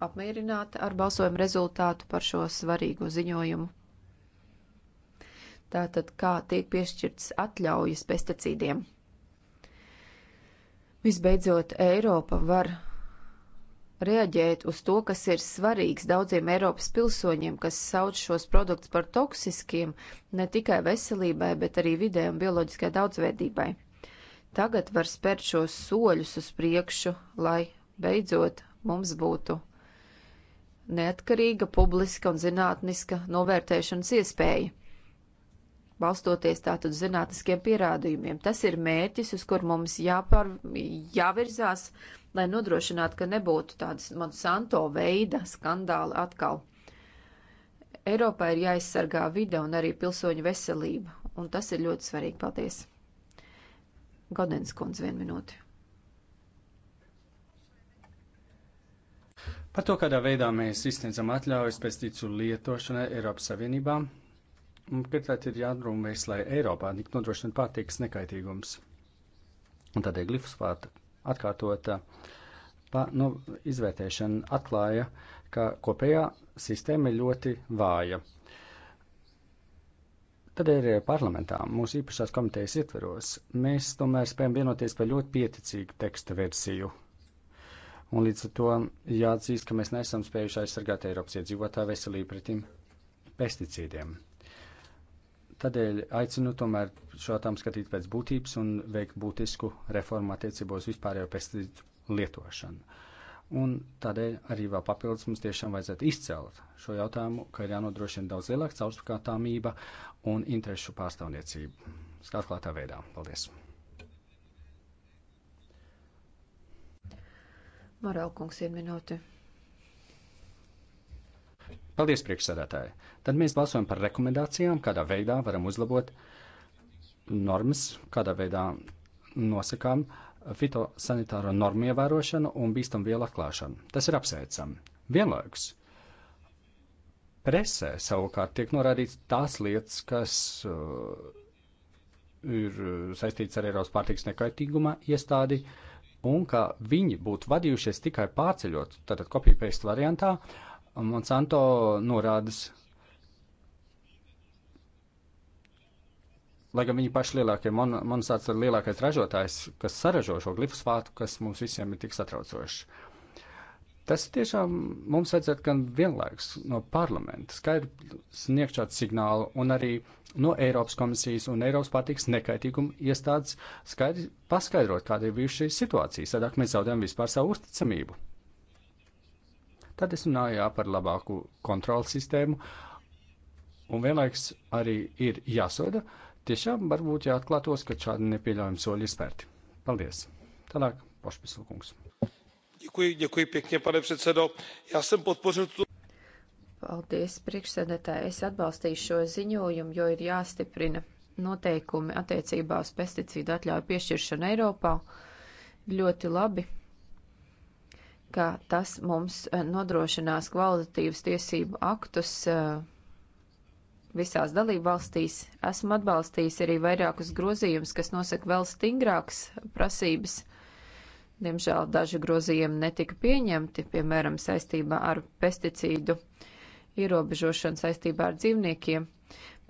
apmierināta ar balsojumu rezultātu par šo svarīgo ziņojumu. Tātad, kā tiek piešķirts atļaujas pesticīdiem? Visbeidzot, Eiropa var reaģēt uz to, kas ir svarīgs daudziem Eiropas pilsoņiem, kas sauc šos produktus par toksiskiem ne tikai veselībai, bet arī vidē un bioloģiskai daudzveidībai. Tagad var spērt šos soļus uz priekšu, lai beidzot mums būtu neatkarīga, publiska un zinātniska novērtēšanas iespēja balstoties tātad zinātniskiem pierādījumiem. Tas ir mērķis, uz kur mums jāpār, jāvirzās, lai nodrošinātu, ka nebūtu tādas Monsanto veida skandāli atkal. Eiropā ir jāaizsargā vide un arī pilsoņu veselība, un tas ir ļoti svarīgi. Paldies! Godens kundze, vienu minūti. Par to, kādā veidā mēs izsniedzam atļaujas pesticīdu lietošanai Eiropas Savienībām, Pirmkārt, ir jādrūm veids, lai Eiropā tiktu nodrošina pārtikas nekaitīgums. Un tādēļ glifosfāta atkārtota pa, nu, izvērtēšana atklāja, ka kopējā sistēma ir ļoti vāja. Tad arī parlamentā, mūsu īpašās komitejas ietveros, mēs tomēr spējam vienoties par ļoti pieticīgu teksta versiju. Un līdz ar to jāatzīst, ka mēs nesam spējuši aizsargāt Eiropas iedzīvotāju veselību pretim pesticīdiem. Tādēļ aicinu tomēr šo tam skatīt pēc būtības un veikt būtisku reformu attiecībā uz vispārējo pesticīdu lietošanu. Un tādēļ arī vēl papildus mums tiešām vajadzētu izcelt šo jautājumu, ka ir jānodrošina daudz lielāka caurskatāmība un interešu pārstāvniecība. Skatklātā veidā. Paldies! Morelkungs ir minūte. Paldies, priekšsēdētāji. Tad mēs balsojam par rekomendācijām, kādā veidā varam uzlabot normas, kādā veidā nosakām fitosanitāro normu ievērošanu un bīstam vielu atklāšanu. Tas ir apsveicami. Vienlaikus presē savukārt tiek norādīts tās lietas, kas uh, ir uh, saistīts ar Eiropas pārtiks nekaitīguma iestādi, un ka viņi būtu vadījušies tikai pārceļot, tātad kopija paste variantā, uh, Monsanto norādes, lai gan viņi paši lielākie, mon, Monsants ir lielākais ražotājs, kas saražo šo glifosfātu, kas mums visiem ir tik satraucoši. Tas tiešām mums vajadzētu gan vienlaiks no parlamenta skaidri sniegt šādu signālu un arī no Eiropas komisijas un Eiropas pārtīks nekaitīguma iestādes skaidri paskaidrot, kāda ir bijusi šī situācija. Sadāk mēs zaudējam vispār savu uzticamību. Tad es runāju jā, par labāku kontrolas sistēmu, un vienlaiks arī ir jāsoda. Tiešām varbūt jāatklātos, ka šādi nepieļaujami soļi ir spērti. Paldies! Tālāk, Pošpisulkungs. Děkuji, děkuji pěkně, pane předsedo. Já jsem podpořil tu... Paldies, priekšsēdētāji. Es atbalstīšu šo ziņojumu, jo ir jāstiprina noteikumi attiecībā uz pesticīdu atļauju piešķiršanu Eiropā. Ļoti labi, ka tas mums eh, nodrošinās kvalitatīvas tiesību aktus eh, visās dalību valstīs. Esmu atbalstījis arī vairākus grozījumus, kas nosaka vēl stingrākas prasības. Diemžēl daži grozījumi netika pieņemti, piemēram, saistībā ar pesticīdu ierobežošanu saistībā ar dzīvniekiem.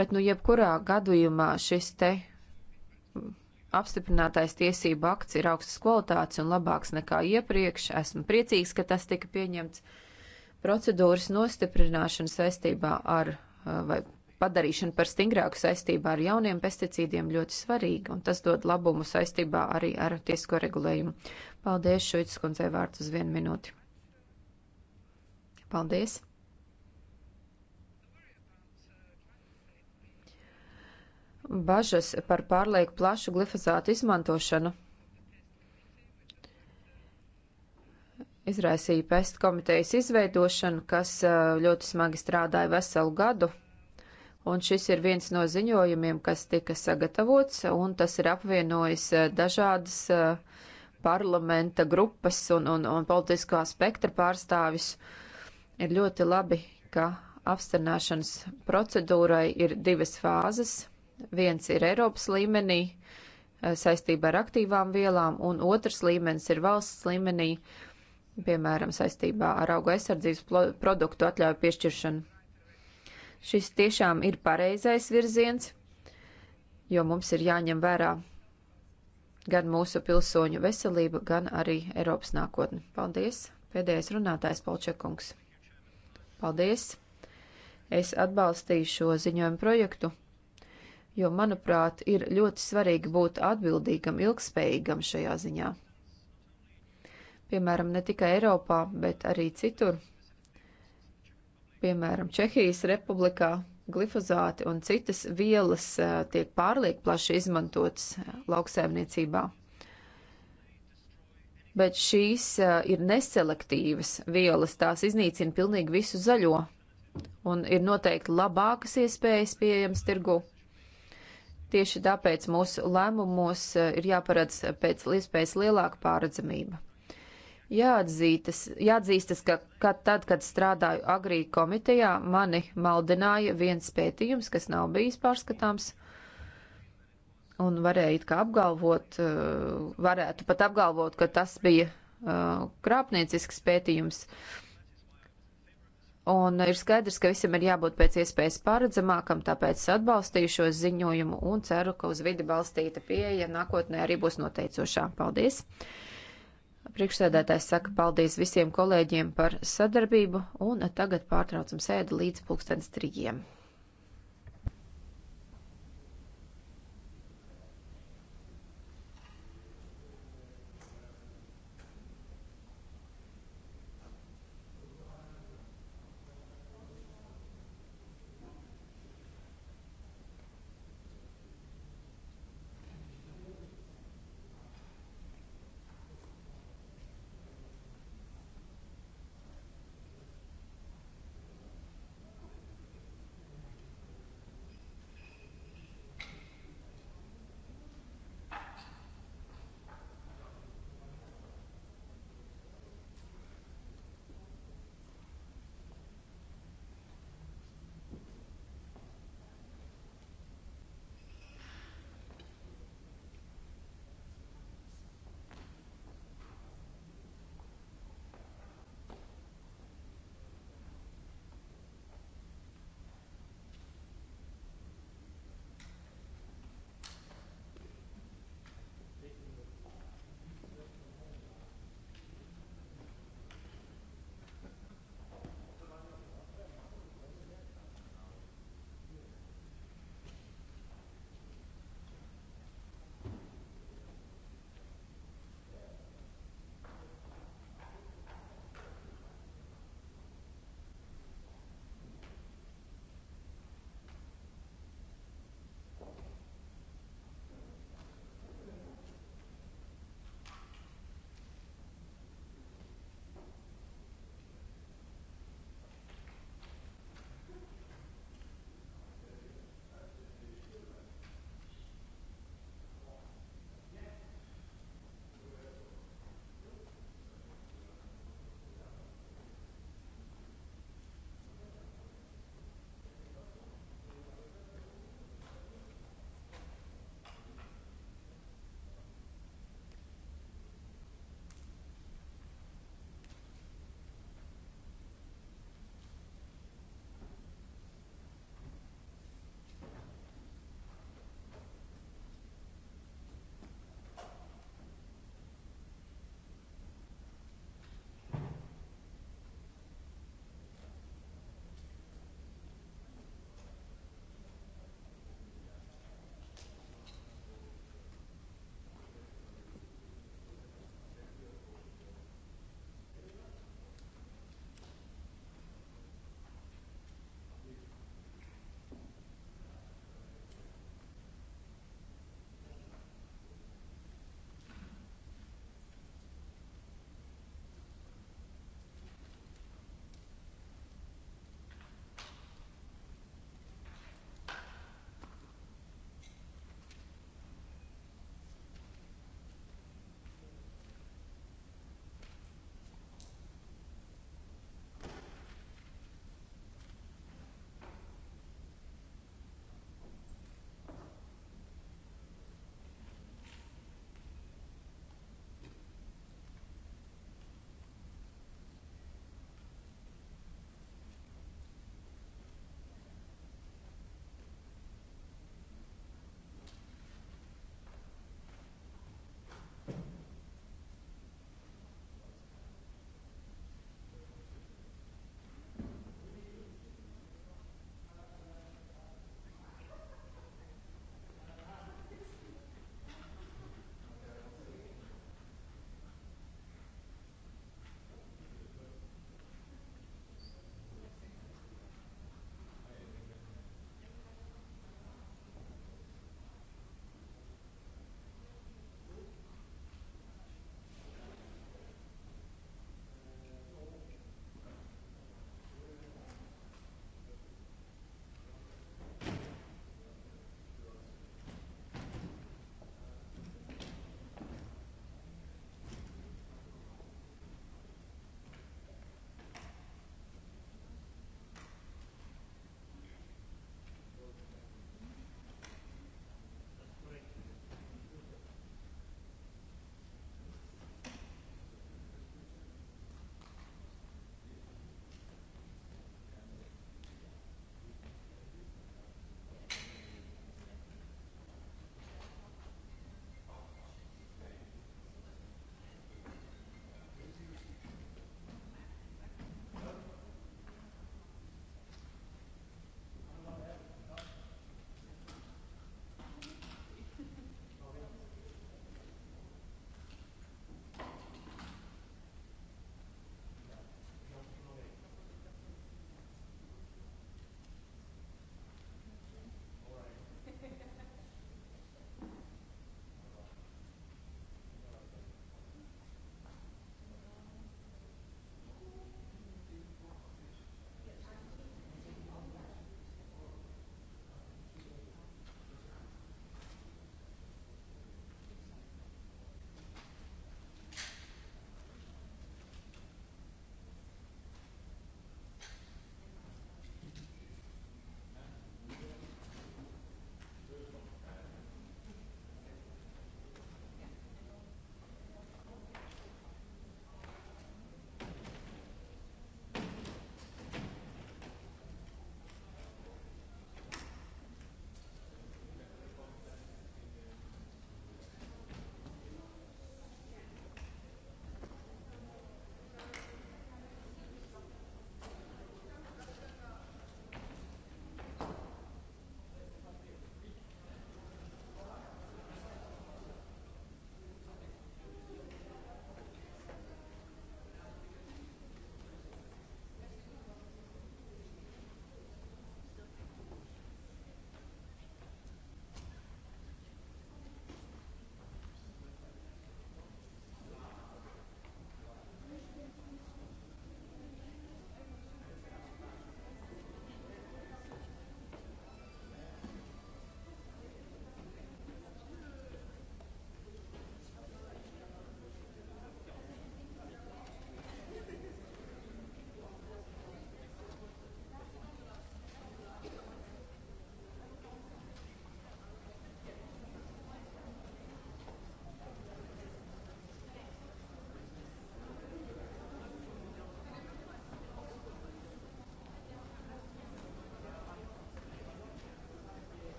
Bet, nu, jebkurā gadījumā šis te apstiprinātais tiesību akts ir augstas kvalitātes un labāks nekā iepriekš. Esmu priecīgs, ka tas tika pieņemts. Procedūras nostiprināšana saistībā ar uh, vai padarīšana par stingrāku saistībā ar jauniem pesticīdiem ļoti svarīga, un tas dod labumu saistībā arī ar tiesisko regulējumu. Paldies, Šuicis kundzei vārds uz vienu minūti. Paldies! bažas par pārlieku plašu glifosātu izmantošanu izraisīja pest komitejas izveidošanu, kas ļoti smagi strādāja veselu gadu. Un šis ir viens no ziņojumiem, kas tika sagatavots, un tas ir apvienojis dažādas parlamenta grupas un, un, un politiskā spektra pārstāvis. Ir ļoti labi, ka apstiprināšanas procedūrai ir divas fāzes Viens ir Eiropas līmenī eh, saistībā ar aktīvām vielām, un otrs līmenis ir valsts līmenī, piemēram, saistībā ar augu aizsardzības produktu atļauju piešķiršanu. Šis tiešām ir pareizais virziens, jo mums ir jāņem vērā gan mūsu pilsoņu veselība, gan arī Eiropas nākotne. Paldies! Pēdējais runātājs Polčekungs. Paldies! Es atbalstīju šo ziņojumu projektu jo, manuprāt, ir ļoti svarīgi būt atbildīgam, ilgspējīgam šajā ziņā. Piemēram, ne tikai Eiropā, bet arī citur. Piemēram, Čehijas republikā glifozāti un citas vielas eh, tiek pārlieku plaši izmantotas eh, lauksēmniecībā. Bet šīs eh, ir neselektīvas vielas, tās iznīcina pilnīgi visu zaļo, un ir noteikti labākas iespējas pieejamas tirgu Tieši tāpēc mūsu lēmumos eh, ir jāparedz pēc iespējas lielāka pārredzamība. Jāatzītas, jāatzīstas, ka, ka tad, kad strādāju agrī komitejā, mani maldināja viens pētījums, kas nav bijis pārskatāms, un varēja it kā apgalvot, eh, varētu pat apgalvot, ka tas bija eh, krāpniecisks pētījums. Uh, Un ir skaidrs, ka visam ir jābūt pēc iespējas paredzamākam, tāpēc atbalstīju šo ziņojumu un ceru, ka uz vidi balstīta pieeja nākotnē arī būs noteicošā. Paldies! Priekšsēdētājs saka paldies visiem kolēģiem par sadarbību un tagad pārtraucam sēdi līdz pulkstens trījiem.